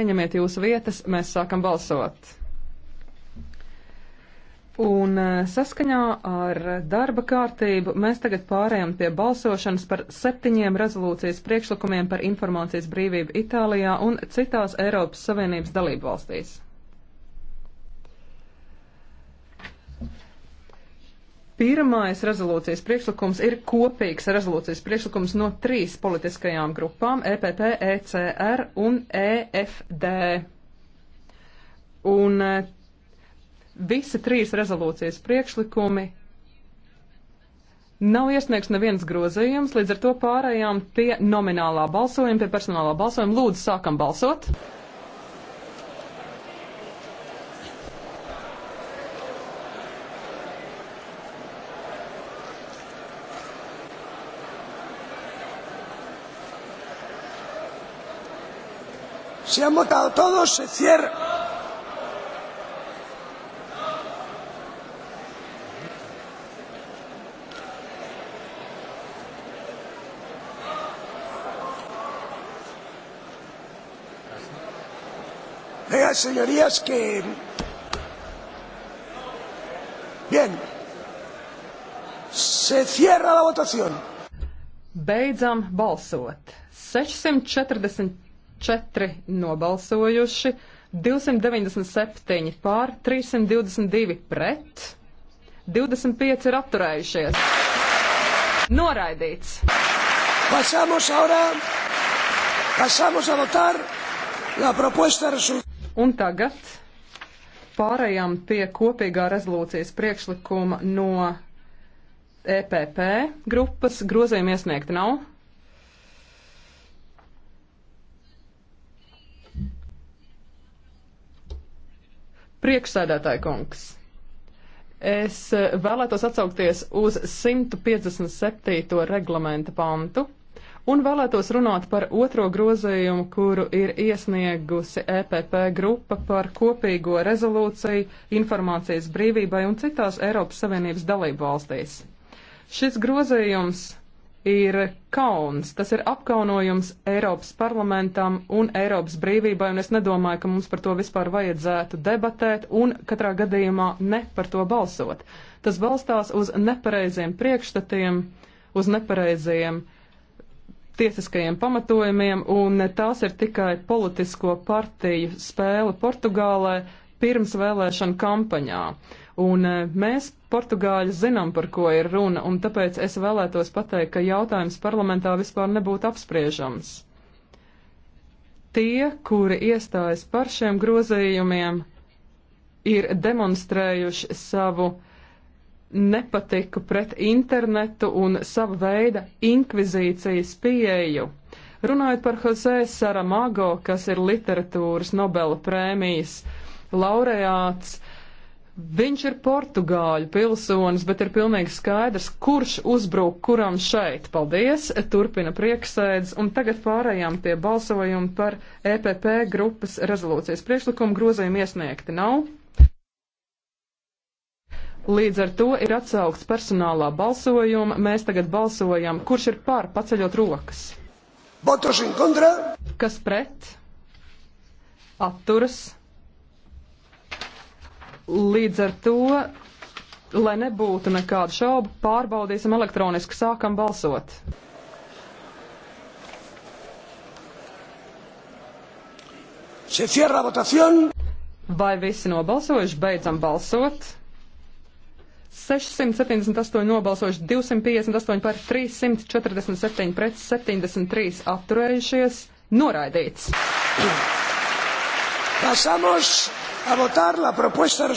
Ieņemiet jūsu vietas, mēs sākam balsot. Un e, saskaņā ar darba kārtību mēs tagad pārējām pie balsošanas par septiņiem rezolūcijas priekšlikumiem par informācijas brīvību Itālijā un citās Eiropas Savienības dalību valstīs. Pirmais rezolūcijas priekšlikums ir kopīgs rezolūcijas priekšlikums no trīs politiskajām grupām - EPP, ECR un EFD. Un eh, visi trīs rezolūcijas priekšlikumi nav iesniegts neviens grozījums, līdz ar to pārējām pie nominālā balsojuma, pie personālā balsojuma. Lūdzu, sākam balsot! Si han votado todos, se cierra. Vean, señorías, que. Bien. Se cierra la votación. Beidzam balsot. 640 četri nobalsojuši, 297 pār, 322 pret, 25 ir atturējušies. Noraidīts. Pasamos ahora, pasamos a votar la propuesta Un tagad pārējām pie kopīgā rezolūcijas priekšlikuma no EPP grupas. Grozējumi iesniegti nav. Priekšsēdētāji kungs, es eh, vēlētos atsaukties uz 157. reglamenta pantu un vēlētos runāt par otro grozījumu, kuru ir iesniegusi EPP grupa par kopīgo rezolūciju informācijas brīvībai un citās Eiropas Savienības dalību valstīs. Šis grozījums ir kauns, tas ir apkaunojums Eiropas parlamentam un Eiropas brīvībai, un es nedomāju, ka mums par to vispār vajadzētu debatēt un katrā gadījumā ne par to balsot. Tas balstās uz nepareiziem priekšstatiem, uz nepareiziem tiesiskajiem pamatojumiem, un tās ir tikai politisko partiju spēle Portugālē pirms vēlēšana kampaņā. Un eh, mēs, Portugāļi, zinām, par ko ir runa, un tāpēc es vēlētos pateikt, ka jautājums parlamentā vispār nebūtu apspriežams. Tie, kuri iestājas par šiem grozījumiem, ir demonstrējuši savu nepatiku pret internetu un savu veidu inkvizīcijas pieeju. Runājot par Jose Saramago, kas ir literatūras Nobela prēmijas laureāts, uh, Viņš ir portugāļu pilsonis, bet ir pilnīgi skaidrs, kurš uzbruk kuram šeit. Paldies, turpina prieksēdz, un tagad pārējām pie balsojumu par EPP grupas rezolūcijas priekšlikumu grozījumu iesniegti nav. Līdz ar to ir atsaukts personālā balsojuma. Mēs tagad balsojam, kurš ir pār paceļot rokas. Kas pret? Atturas. Līdz ar to, lai nebūtu nekādu šaubu, pārbaudīsim elektroniski, sākam balsot. Se cierra votación. Vai visi nobalsojuši? Beidzam balsot. 678 nobalsojuši, 258 par 347 pret 73 atturējušies. Noraidīts. Pasamos a votar la propuesta.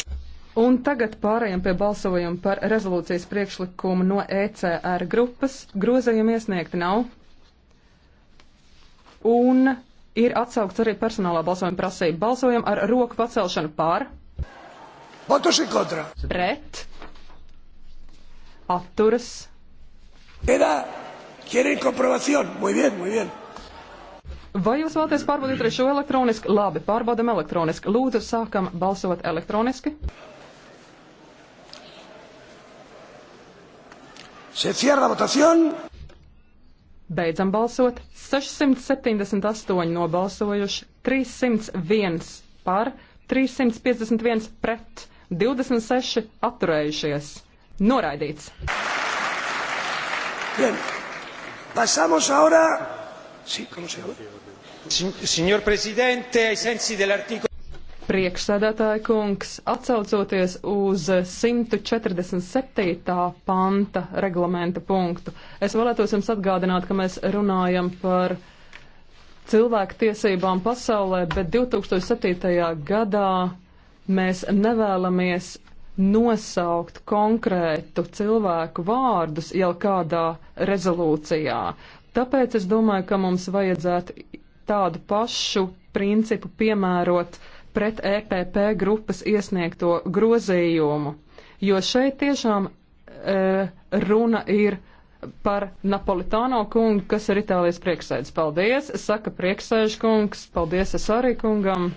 Un tagad pārējām pie balsojuma par rezolūcijas priekšlikumu no ECR grupas. Grozējumi iesniegti nav. Un ir atsaukts arī personālā balsojuma prasība. Balsojam ar roku pacelšanu pār. Pret. Atturas. Era. Quieren comprobación. Muy bien, muy bien. Vai jūs vēlaties pārbaudīt arī šo elektroniski? Labi, pārbaudam elektroniski. Lūdzu, sākam balsot elektroniski. Se cierra votación. Beidzam balsot. 678 nobalsojuši, 301 par, 351 pret, 26 atturējušies. Noraidīts. Bien. Pasamos ahora. Sí, ¿cómo se llama? Signor Presidente, ai sensi dell'articolo. Priekšsēdētāja kungs, atcaucoties uz 147. panta reglamenta punktu, es vēlētos jums atgādināt, ka mēs runājam par cilvēku tiesībām pasaulē, bet 2007. gadā mēs nevēlamies nosaukt konkrētu cilvēku vārdus jau kādā rezolūcijā. Tāpēc es domāju, ka mums vajadzētu tādu pašu principu piemērot uh, pret EPP grupas iesniegto grozījumu, jo šeit tiešām e, runa ir par Napolitāno kungu, kas ir Itālijas prieksēdis. Paldies, saka prieksēžu kungs, paldies es arī kungam.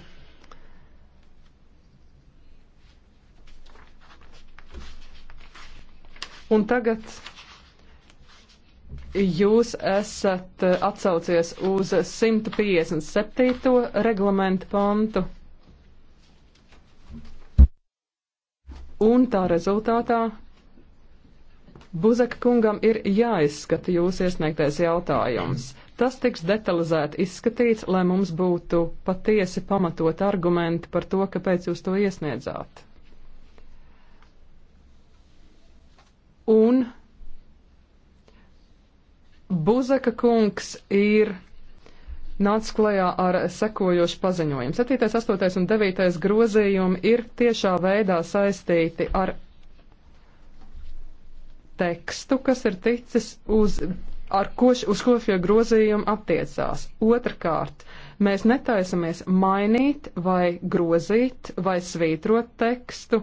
Un tagad jūs esat atsaucies uz 157. reglamentu pantu. un tā rezultātā Buzaka kungam ir jāizskata jūs iesniegtais jautājums. Tas tiks detalizēti izskatīts, lai mums būtu patiesi pamatot argumenti par to, kāpēc jūs to iesniedzāt. Un Buzaka kungs ir nāca klajā ar sekojošu paziņojumu. 7., 8. un 9. grozījumi ir tiešā veidā saistīti ar tekstu, kas ir ticis uz, ar koš, uz ko šie grozījumi attiecās. Otrakārt, mēs netaisamies mainīt vai grozīt vai svītrot tekstu,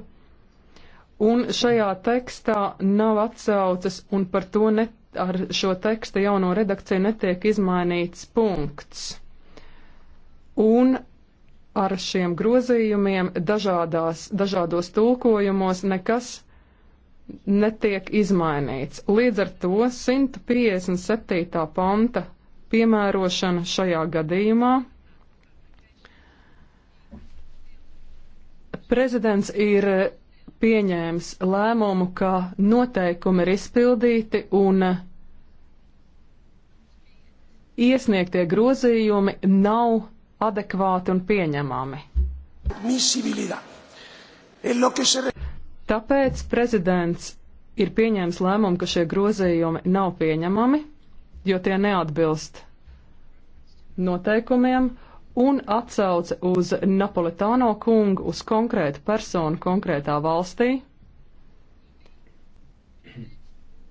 un šajā tekstā nav atsaucas, un par to net ar šo teksta jauno redakciju netiek izmainīts punkts. Un ar šiem grozījumiem dažādās, dažādos tulkojumos nekas netiek izmainīts. Līdz ar to 157. panta piemērošana šajā gadījumā prezidents ir pieņēmis lēmumu, ka noteikumi ir izpildīti un iesniegtie grozījumi nav adekvāti un pieņemami. Tāpēc prezidents ir pieņēmis lēmumu, ka šie grozījumi nav pieņemami, jo tie neatbilst noteikumiem, un atsauce uz Napolitāno kungu, uz konkrētu personu konkrētā valstī,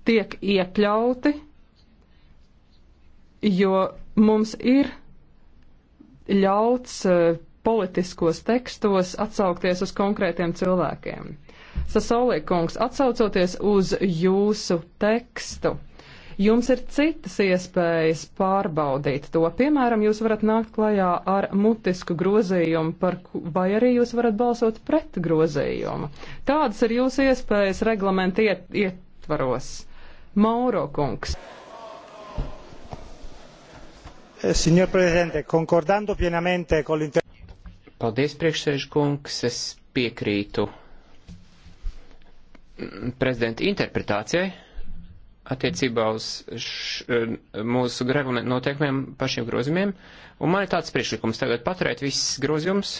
tiek iekļauti, jo mums ir ļauts eh, politiskos tekstos atsaukties uz konkrētiem cilvēkiem. Sasolīkungs, atsaucoties uz jūsu tekstu, Jums ir citas iespējas pārbaudīt to. Piemēram, jūs varat nākt klajā ar mutisku grozījumu, par, vai arī jūs varat balsot pret grozījumu. Tādas ir jūsu iespējas reglamenta iet, ietvaros. Mauro kungs. Eh, signor Presidente, concordando pienamente con l'inter... Paldies, priekšsēžu kungs, es piekrītu prezidenta interpretācijai attiecībā uz š, eh, mūsu regulamentu noteikumiem par šiem grozījumiem. Un man ir tāds priekšlikums tagad paturēt visus grozījumus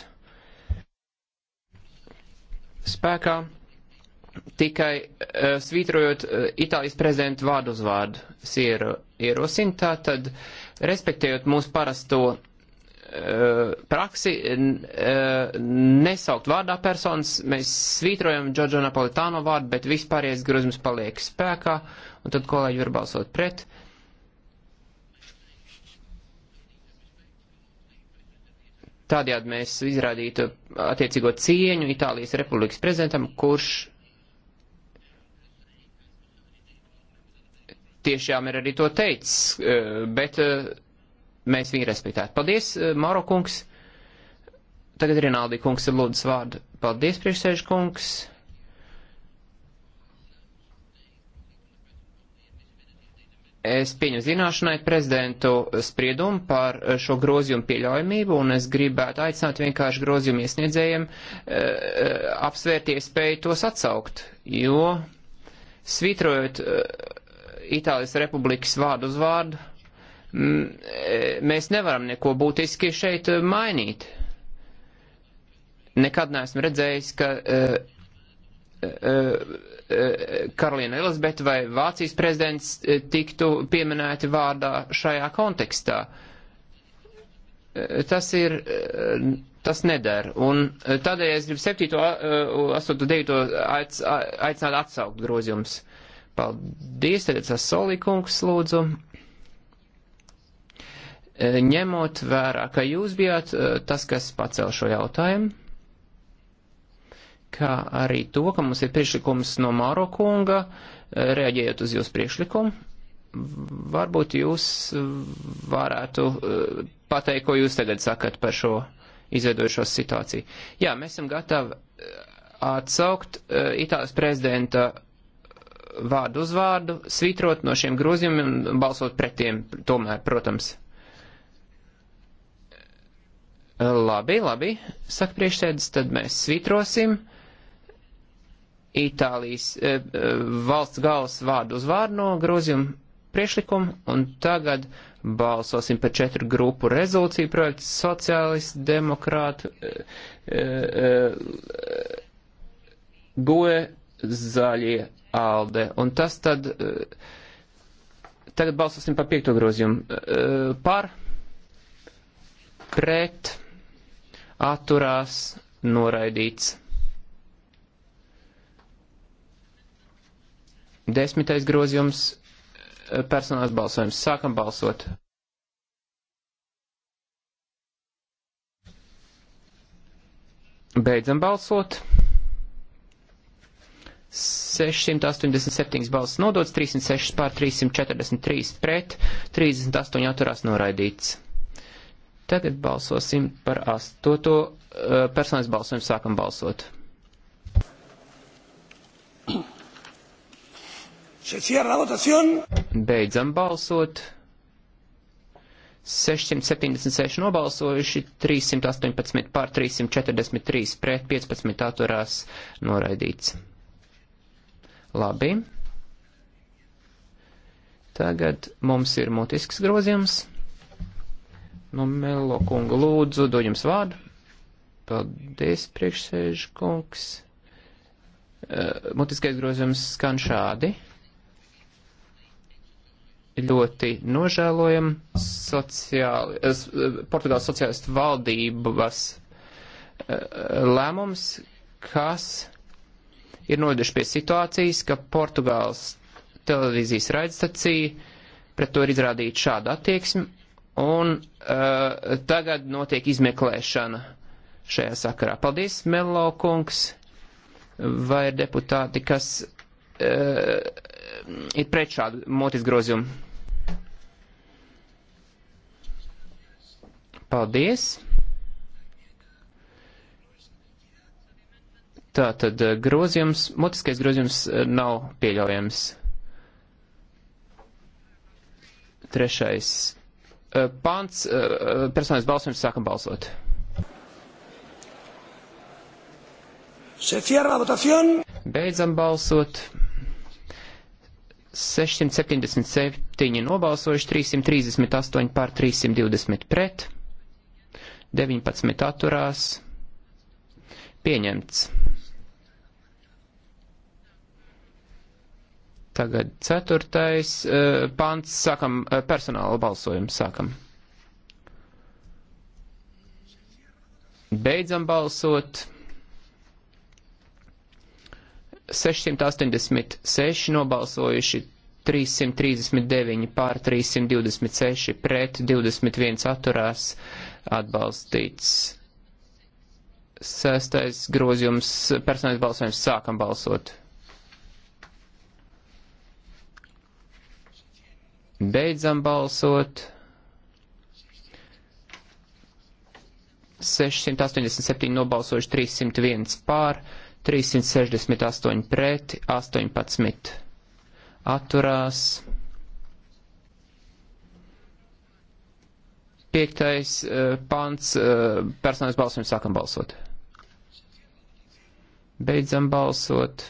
spēkā, tikai uh, svītrojot uh, Itālijas prezidentu vārdu uz vārdu. Es iero, ierosinu tā, tad respektējot mūsu parasto praksi nesaukt vārdā personas, mēs svītrojam Džordžo Napolitāno vārdu, bet vispārējais grozījums paliek spēkā. Uh, un tad kolēģi var balsot pret. Tādējādi mēs izrādītu attiecīgo cieņu Itālijas Republikas prezidentam, kurš tiešām ir arī to teicis, eh, bet eh, mēs viņu respektētu. Paldies, eh, Mauro kungs! Tagad Rinaldi kungs ir lūdzu vārdu. Paldies, priekšsēžu kungs! Es pieņemu zināšanai prezidentu spriedumu par eh, šo grozījumu pieļaujamību, un es gribētu aicināt vienkārši grozījumu iesniedzējiem e, apsvērt iespēju tos atsaukt, jo svītrojot e, Itālijas republikas vārdu uz vārdu, m, e, mēs nevaram neko būtiski šeit mainīt. Nekad neesmu redzējis, ka. E, e, Eh, Karolīna Elizabete vai Vācijas prezidents eh, tiktu pieminēti vārdā šajā kontekstā. Eh, tas ir, tas neder. Un tādēļ es gribu 7, 8, 9 aicināt atsaukt grozījums. Paldies, tad tas solīkungs lūdzu. Ņemot vērā, ka jūs bijāt tas, kas pacēl šo jautājumu kā arī to, ka mums ir priekšlikums no Māro kunga, eh, reaģējot uz jūsu priekšlikumu. Varbūt jūs eh, varētu eh, pateikt, ko jūs tagad sakat par šo izveidojušos situāciju. Jā, mēs esam gatavi atsaukt Itālijas prezidenta vārdu uz vārdu, svītrot no šiem grozījumiem un balsot pret tiem, tomēr, protams. Labi, labi, saka priekšsēdis, tad mēs svītrosim Itālijas e, valsts galvas vārdu uz vārdu no grozījuma priešlikuma, un tagad balsosim par četru grupu rezolūciju projektu sociālistu, demokrātu, e, e, goe, zaļie, alde. Un tas tad, eh, tagad balsosim par piekto grozījumu. Par, pret, atturās, noraidīts. Desmitais grozījums eh, - personāls balsojums. Sākam balsot. Beidzam balsot. 687 balsis nodots, 306 pār 343 pret, 38 atturās noraidīts. Tagad balsosim par astoto eh, personas balsojumu sākam balsot. Beidzam balsot. 676 nobalsojuši, 318 pār 343 pret 15 atturās noraidīts. Labi. Tagad mums ir mutisks grozījums. Nu, Melo kungu lūdzu, dod jums vārdu. Paldies, priekšsēžu kungs. Uh, mutiskais grozījums skan šādi. Uh, ļoti nožēlojam. Sociāli, Portugāles sociālistu valdības eh, lēmums, kas ir nodeši pie situācijas, ka Portugāles televīzijas raidstacija pret to ir izrādīta šāda attieksme, un uh, tagad notiek izmeklēšana šajā sakarā. Paldies, Melo kungs, vai ir deputāti, kas uh, ir pret šādu motis grozījumu? Paldies! Tātad eh, grozījums, mutiskais grozījums eh, nav pieļaujams. Trešais eh, pants, personīgais balsojums, sākam balsot. Beidzam balsot. 677 nobalsojuši, 338 pār 320 pret. 19 atturās, pieņemts. Tagad ceturtais eh, pants, sākam eh, personāla balsojumu, sākam. Beidzam balsot. 686 nobalsojuši, 339 pār 326 pret, 21 atturās, atbalstīts. Sestais grozījums - personīgs balsojums. Sākam balsot. Beidzam balsot. 687 nobalsojuši, 301 pār, 368 pret, 18 atturās. Piektais eh, pants eh, personālais balsojums sākam balsot. Beidzam balsot.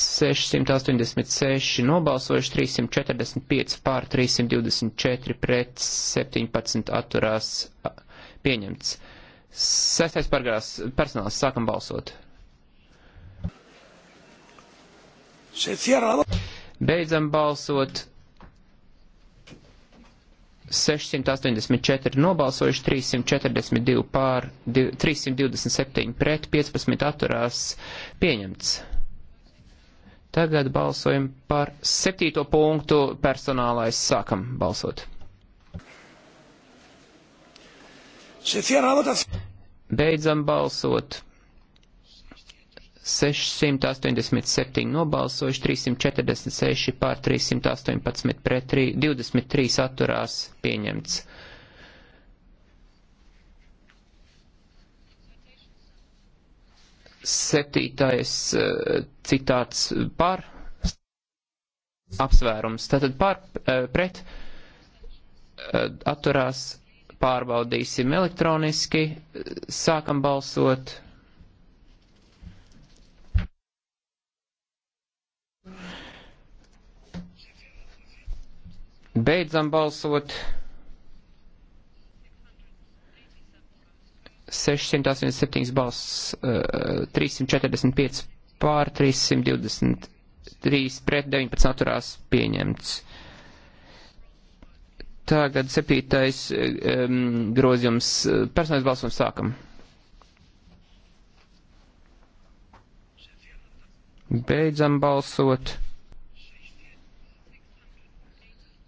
686 nobalsojuši, 345 pār 324 pret 17 atturās pieņemts. Sestais pargās personāls, sākam balsot. Beidzam balsot. 684 nobalsojuši, 342 pār, 327 pret, 15 atturās pieņemts. Tagad balsojam par septīto punktu personālais sākam balsot. Beidzam balsot. 687 nobalsojuši, 346 pār 318 pret 3, 23 atturās pieņemts. Septītais eh, citāts par apsvērums. Tātad pār, eh, pret eh, atturās pārbaudīsim elektroniski, sākam balsot. Beidzam balsot. 687 balss, 345 eh, pār, 323 pret, 19 atturās pieņemts. Tagad septītais um, grozījums. Personais balsums sākam. Beidzam balsot.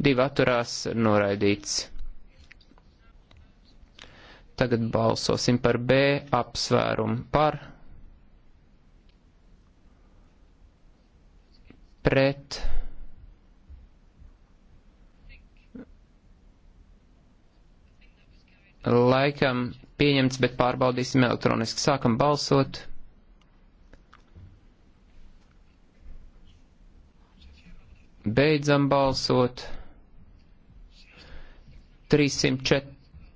divi atturās noraidīts. Tagad balsosim par B apsvērumu par pret laikam pieņemts, bet pārbaudīsim elektroniski. Sākam balsot. Beidzam balsot. 304.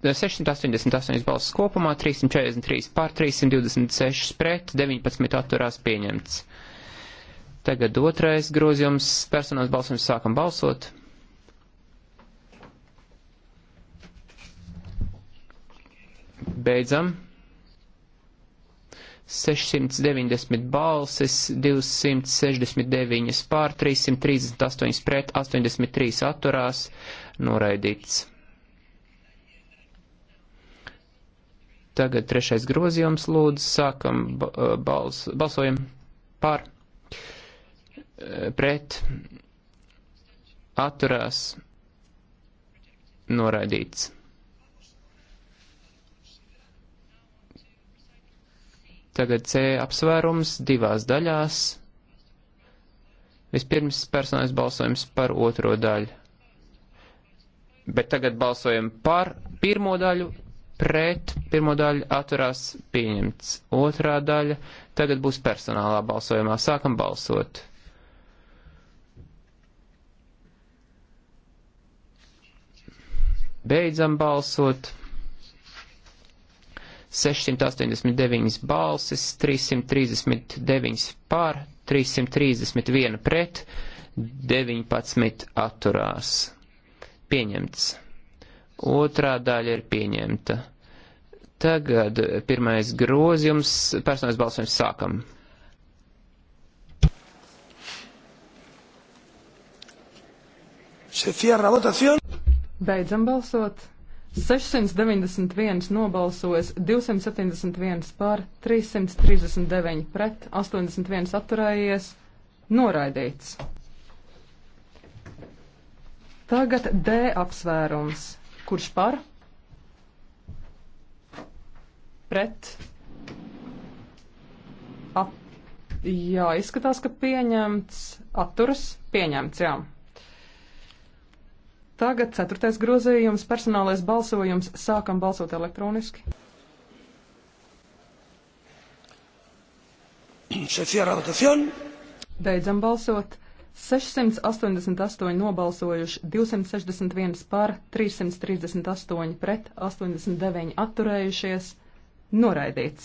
688 balsis kopumā, 343 pār, 326 pret, 19 atturās pieņemts. Tagad otrais grozījums, personāls balsojums sākam balsot. Beidzam. 690 balsis, 269 pār, 338 pret, 83 atturās, noraidīts. Tagad trešais grozījums lūdzu, sākam bals, balsojam par, pret, atturās, noraidīts. Tagad C apsvērums divās daļās. Vispirms personais balsojums par otro daļu. Bet tagad balsojam par pirmo daļu, pret, pirmo daļu atturās pieņemts, otrā daļa tagad būs personālā balsojumā. Sākam balsot. Beidzam balsot. 689 balsis, 339 pār, 331 pret, 19 atturās. Pieņemts. Otrā daļa ir pieņemta. Tagad pirmais grozījums, personais balsojums sākam. Beidzam balsot. 691 nobalsojas, 271 pār, 339 pret, 81 atturējies, noraidīts. Tagad D apsvērums. Kurš par? pret. At, jā, izskatās, ka pieņemts. Atturas pieņemts, jā. Tagad ceturtais grozījums - personālais balsojums. Sākam balsot elektroniski. Beidzam balsot. 688 nobalsojuši, 261 par, 338 pret, 89 atturējušies. Noraidīts.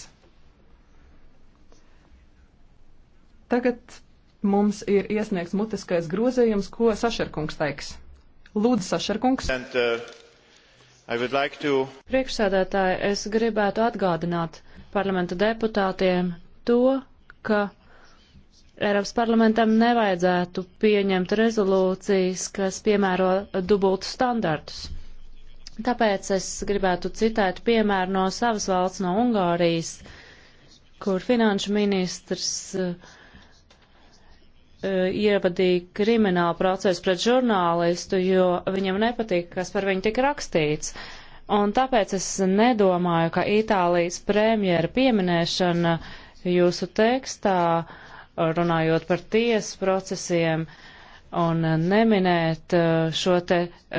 Tagad mums ir iesniegts mutiskais grozījums, ko Sašarkungs teiks. Lūdzu, Sašarkungs. And, uh, like to... Priekšsēdētāji, es gribētu atgādināt parlamenta deputātiem to, ka Eiropas parlamentam nevajadzētu pieņemt rezolūcijas, kas piemēro dubultu standartus. Tāpēc es gribētu citēt piemēru no savas valsts, no Ungārijas, kur finanšu ministrs uh, ievadīja kriminālu procesu pret žurnālistu, jo viņam nepatīk, kas par viņu tika rakstīts. Un tāpēc es nedomāju, ka Itālijas premjera pieminēšana jūsu tekstā, runājot par tiesas procesiem, uh, un eh, neminēt eh, šo te uh,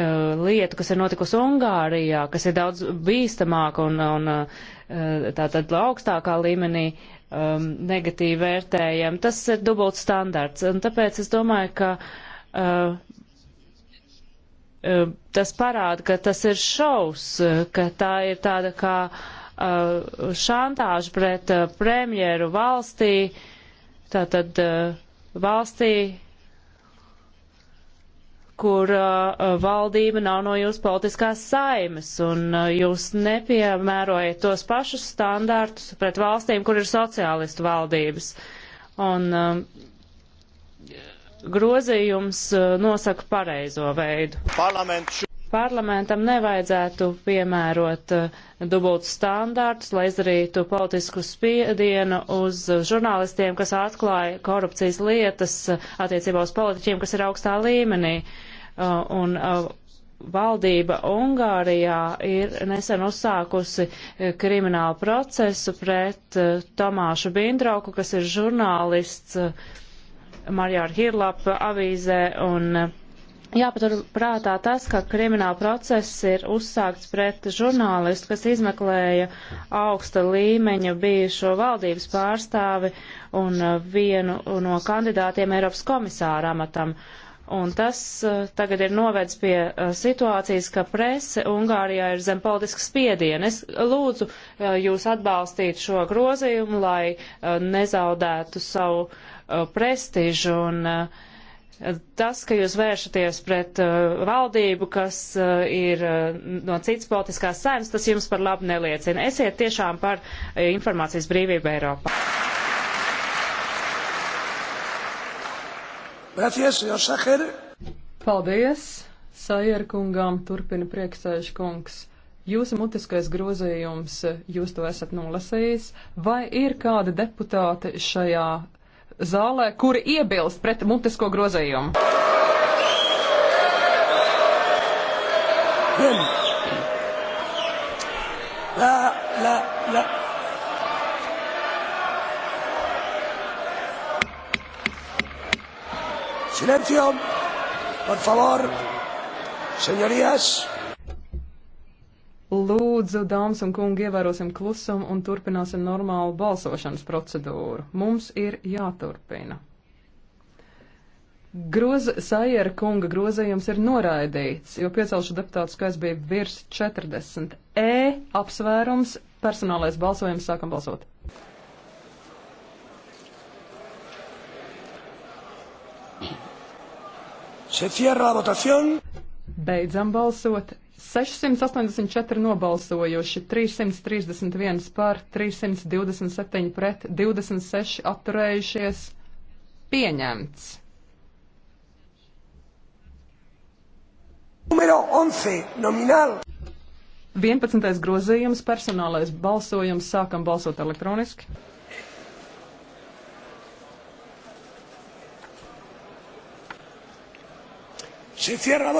lietu, kas ir notikusi Ungārijā, kas ir daudz bīstamāka un, un uh, tātad augstākā līmenī um, negatīvi vērtējama. Tas ir dubult standarts, un tāpēc es domāju, ka uh, tas parāda, ka tas ir šaus, ka tā ir tāda kā šantāža pret premjeru valstī, tātad valstī, kur uh, uh, valdība nav no jūsu politiskās saimes, un uh, jūs nepiemērojat tos pašus standārtus pret valstīm, kur ir sociālistu valdības. Un uh, grozījums uh, nosaka pareizo veidu. Parlamentu. Parlamentam nevajadzētu piemērot eh, dubult standārtus, lai izdarītu politisku spiedienu uz žurnālistiem, kas atklāja korupcijas lietas eh, attiecībā uz politiķiem, kas ir augstā līmenī. Eh, un valdība Ungārijā ir nesen uzsākusi kriminālu procesu pret Tomāšu Bindrauku, kas ir žurnālists Marjāra Hirlapa avīzē un Jāpatur prātā tas, ka krimināla process ir uzsākts pret žurnālistu, kas izmeklēja augsta līmeņa bijušo valdības pārstāvi un uh, vienu no kandidātiem Eiropas komisāra amatam. Un tas uh, tagad ir novedis pie uh, situācijas, ka prese Ungārijā ir zem politiska spiediena. Es lūdzu jūs atbalstīt šo grozījumu, lai nezaudētu savu prestižu un uh, tas, ka jūs vēršaties pret uh, valdību, kas uh, ir uh, no citas politiskās saimas, tas jums par labu neliecina. Esiet tiešām par uh, informācijas brīvību Eiropā. Gracias, Saher. Paldies, Sajer kungām, turpina priekšsēžu kungs. Jūsu mutiskais grozījums, jūs to esat nolasījis, vai ir kādi deputāti šajā zālē, kuri iebilst pret mutisko grozējumu. La, la, la. Silencio, por favor, señorías. Lūdzu, dāmas un kungi, ievērosim klusumu un turpināsim normālu balsošanas procedūru. Mums ir jāturpina. Groza Sajera kunga grozījums ir noraidīts, jo piecelšu deputātu skaits bija virs 40. E apsvērums personālais balsojums sākam balsot. Se cierra la votación. Beidzam balsot. 684 nobalsojuši, 331 par, 327 pret, 26 atturējušies. Pieņemts. Numero 11, nomināli. 11. grozījums, personālais balsojums, sākam balsot elektroniski. Se cierra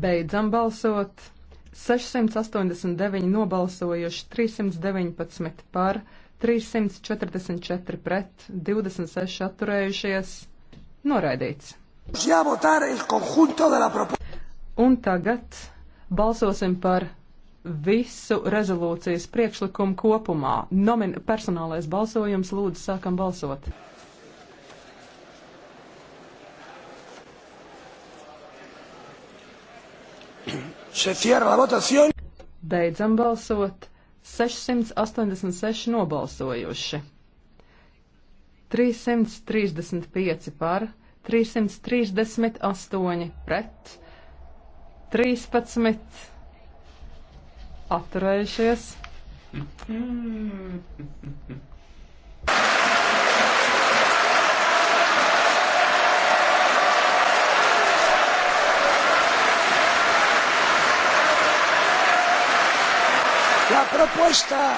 Beidzam balsot. 689 nobalsojuši, 319 par, 344 pret, 26 atturējušies. Noraidīts. Un tagad balsosim par visu rezolūcijas priekšlikumu kopumā. Nomin personālais balsojums lūdzu sākam balsot. Beidzam balsot. 686 nobalsojuši. 335 par, 338 pret, 13 atturējušies. Mm. La propuesta,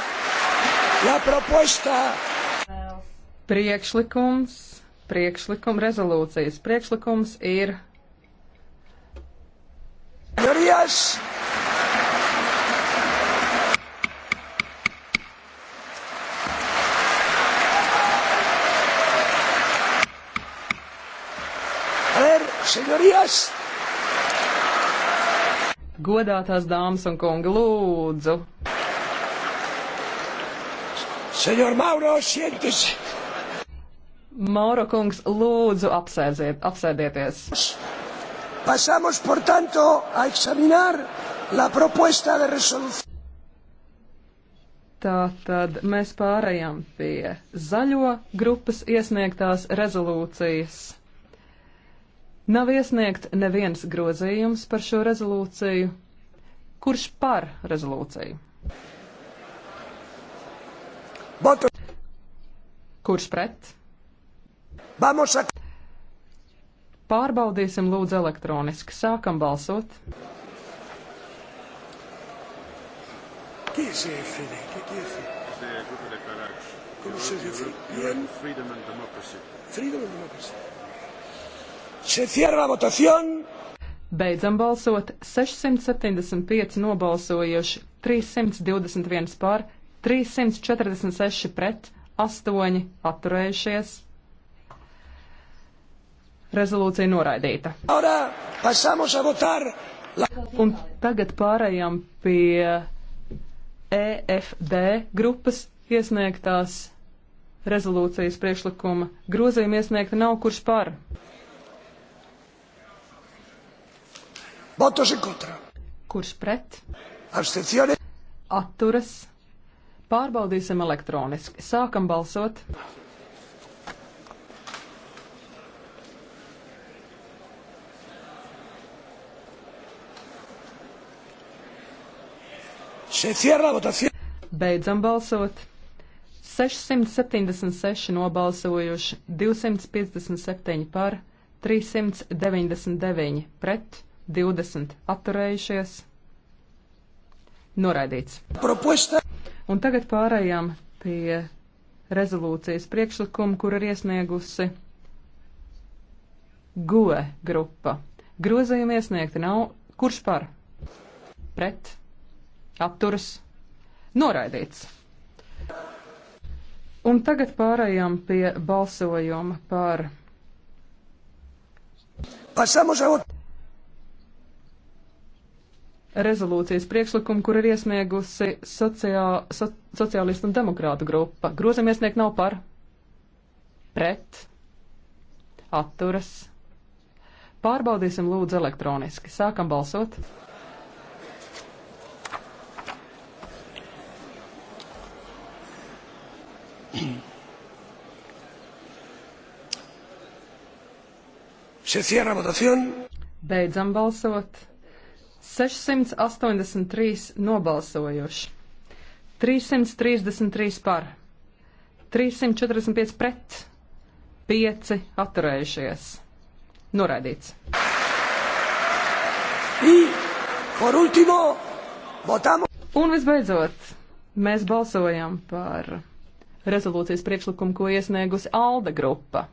la propuesta. Priekšlikums, priekšlikuma rezolūcijas priekšlikums ir. Jorijas. Señorías, godātās dāmas un kungi, lūdzu! Senor Mauro, sientesi! Mauro kungs, lūdzu, apsēdziet, apsēdieties. Pasamos, por tanto, a examinar la propuesta de resolución. Tā tad mēs pārējām pie zaļo grupas iesniegtās rezolūcijas. Nav iesniegt neviens grozījums par šo rezolūciju. Kurš par rezolūciju? Votu. Kurš pret? Vamos a... Pārbaudīsim lūdzu elektroniski. Sākam balsot. Beidzam balsot 675 nobalsojuši, 321 pār, 346 pret, 8 atturējušies. Rezolūcija noraidīta. Un tagad pārējām pie EFD grupas iesniegtās rezolūcijas priekšlikuma. Grozījuma iesniegta nav kurš par. Kurš pret? Atturas. Pārbaudīsim elektroniski. Sākam balsot. Beidzam balsot. 676 nobalsojuši, 257 par, 399 pret, 20 atturējušies. Noraidīts. Proposta. Un tagad pārējām pie rezolūcijas priekšlikuma, kur ir iesniegusi GOE grupa. Grozījumi iesniegti nav. Kurš par? Pret? Apturas? Noraidīts. Un tagad pārējām pie balsojuma par. Pasamos a otru rezolūcijas priekšlikumu, kur ir iesniegusi sociā, so, sociālistu un demokrātu grupa. Grozam iesniegt nav par, pret, atturas. Pārbaudīsim lūdzu elektroniski. Sākam balsot. Se cierra votación. Beidzam balsot. 683 nobalsojuši, 333 par, 345 pret, 5 atturējušies. Noraidīts. Un visbeidzot, mēs balsojam par rezolūcijas priekšlikumu, ko iesniegusi Alda grupa.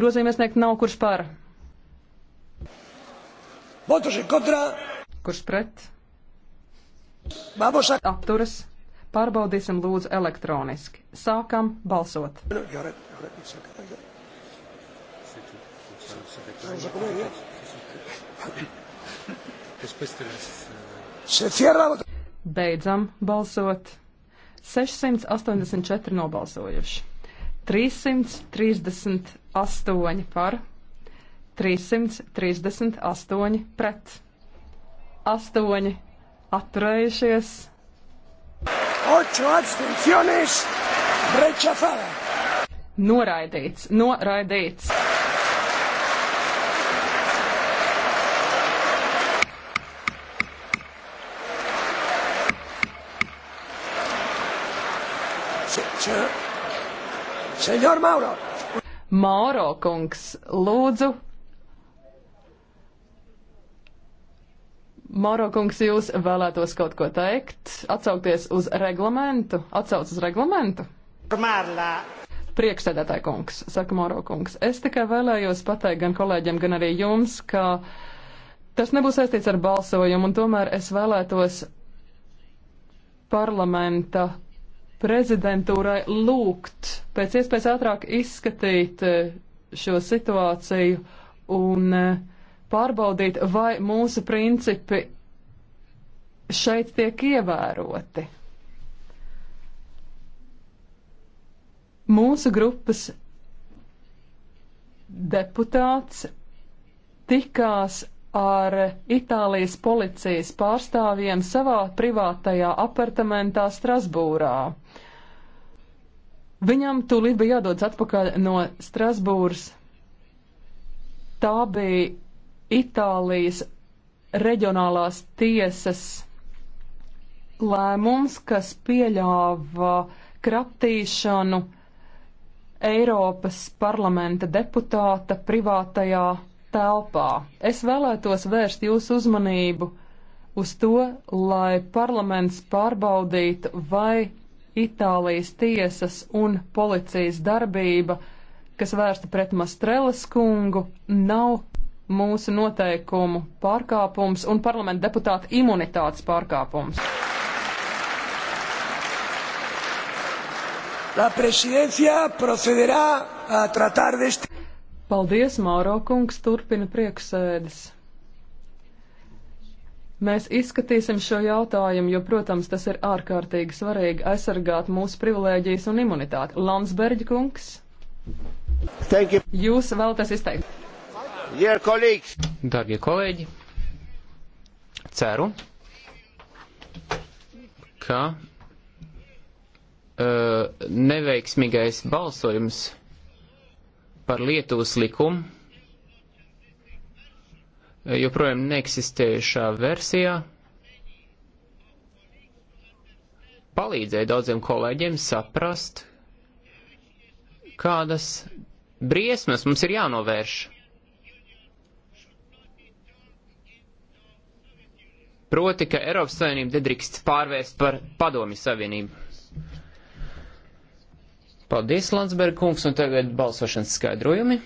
Grozījuma iesniegt nav kurš par. Votos en kontra. Kurš pret? Vamos a... Atturas. Pārbaudīsim lūdzu elektroniski. Sākam balsot. Beidzam balsot. 684 nobalsojuši. 338 par 338 pret. 8 atturējušies. 8 abstenciones rechazada. Noraidīts, noraidīts. Se, se, señor Mauro. Mauro kungs, lūdzu, Marokungs, jūs vēlētos kaut ko teikt, atsaukties uz reglamentu, atsauc uz reglamentu? Mērlā. Priekšsēdētāja kungs, saka Marokungs, es tikai vēlējos pateikt gan kolēģiem, gan arī jums, ka tas nebūs saistīts ar balsojumu, un tomēr es vēlētos parlamenta prezidentūrai lūgt pēc iespējas ātrāk izskatīt eh, šo situāciju un uh, pārbaudīt, vai mūsu principi šeit tiek ievēroti. Mūsu grupas deputāts tikās ar Itālijas policijas pārstāvjiem savā privātajā apartamentā Strasbūrā. Viņam tūlīt bija jādodas atpakaļ no Strasbūras. Tā bija Itālijas reģionālās tiesas lēmums, kas pieļāva kratīšanu Eiropas parlamenta deputāta privātajā telpā. Es vēlētos vērst jūsu uzmanību uz to, lai parlaments pārbaudītu, vai Itālijas tiesas un policijas darbība, kas vērsta pret Mastrelas kungu, nav mūsu noteikumu pārkāpums un parlamenta deputāta imunitātes pārkāpums. La presidencia procederá a tratar de este. Paldies, Mauro kungs, turpina prieksēdes. Mēs izskatīsim šo jautājumu, jo, protams, tas ir ārkārtīgi svarīgi aizsargāt mūsu privilēģijas un imunitāti. Landsbergi kungs, jūs vēlaties izteikt? Darbie kolēģi, ceru, ka uh, neveiksmīgais balsojums par Lietuvas likumu uh, joprojām neeksistējušā versijā palīdzēja daudziem kolēģiem saprast, kādas briesmas mums ir jānovērš. Proti, ka Eiropas Savienība nedrīkst pārvērst par padomi Savienību. Paldies, Landsberg kungs, un tagad balsošanas skaidrojumi.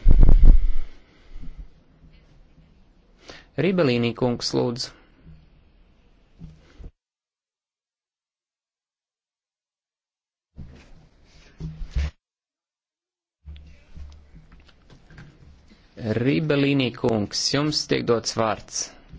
Ribelīnī kungs lūdzu. Ribelīnī kungs, jums tiek dots vārds.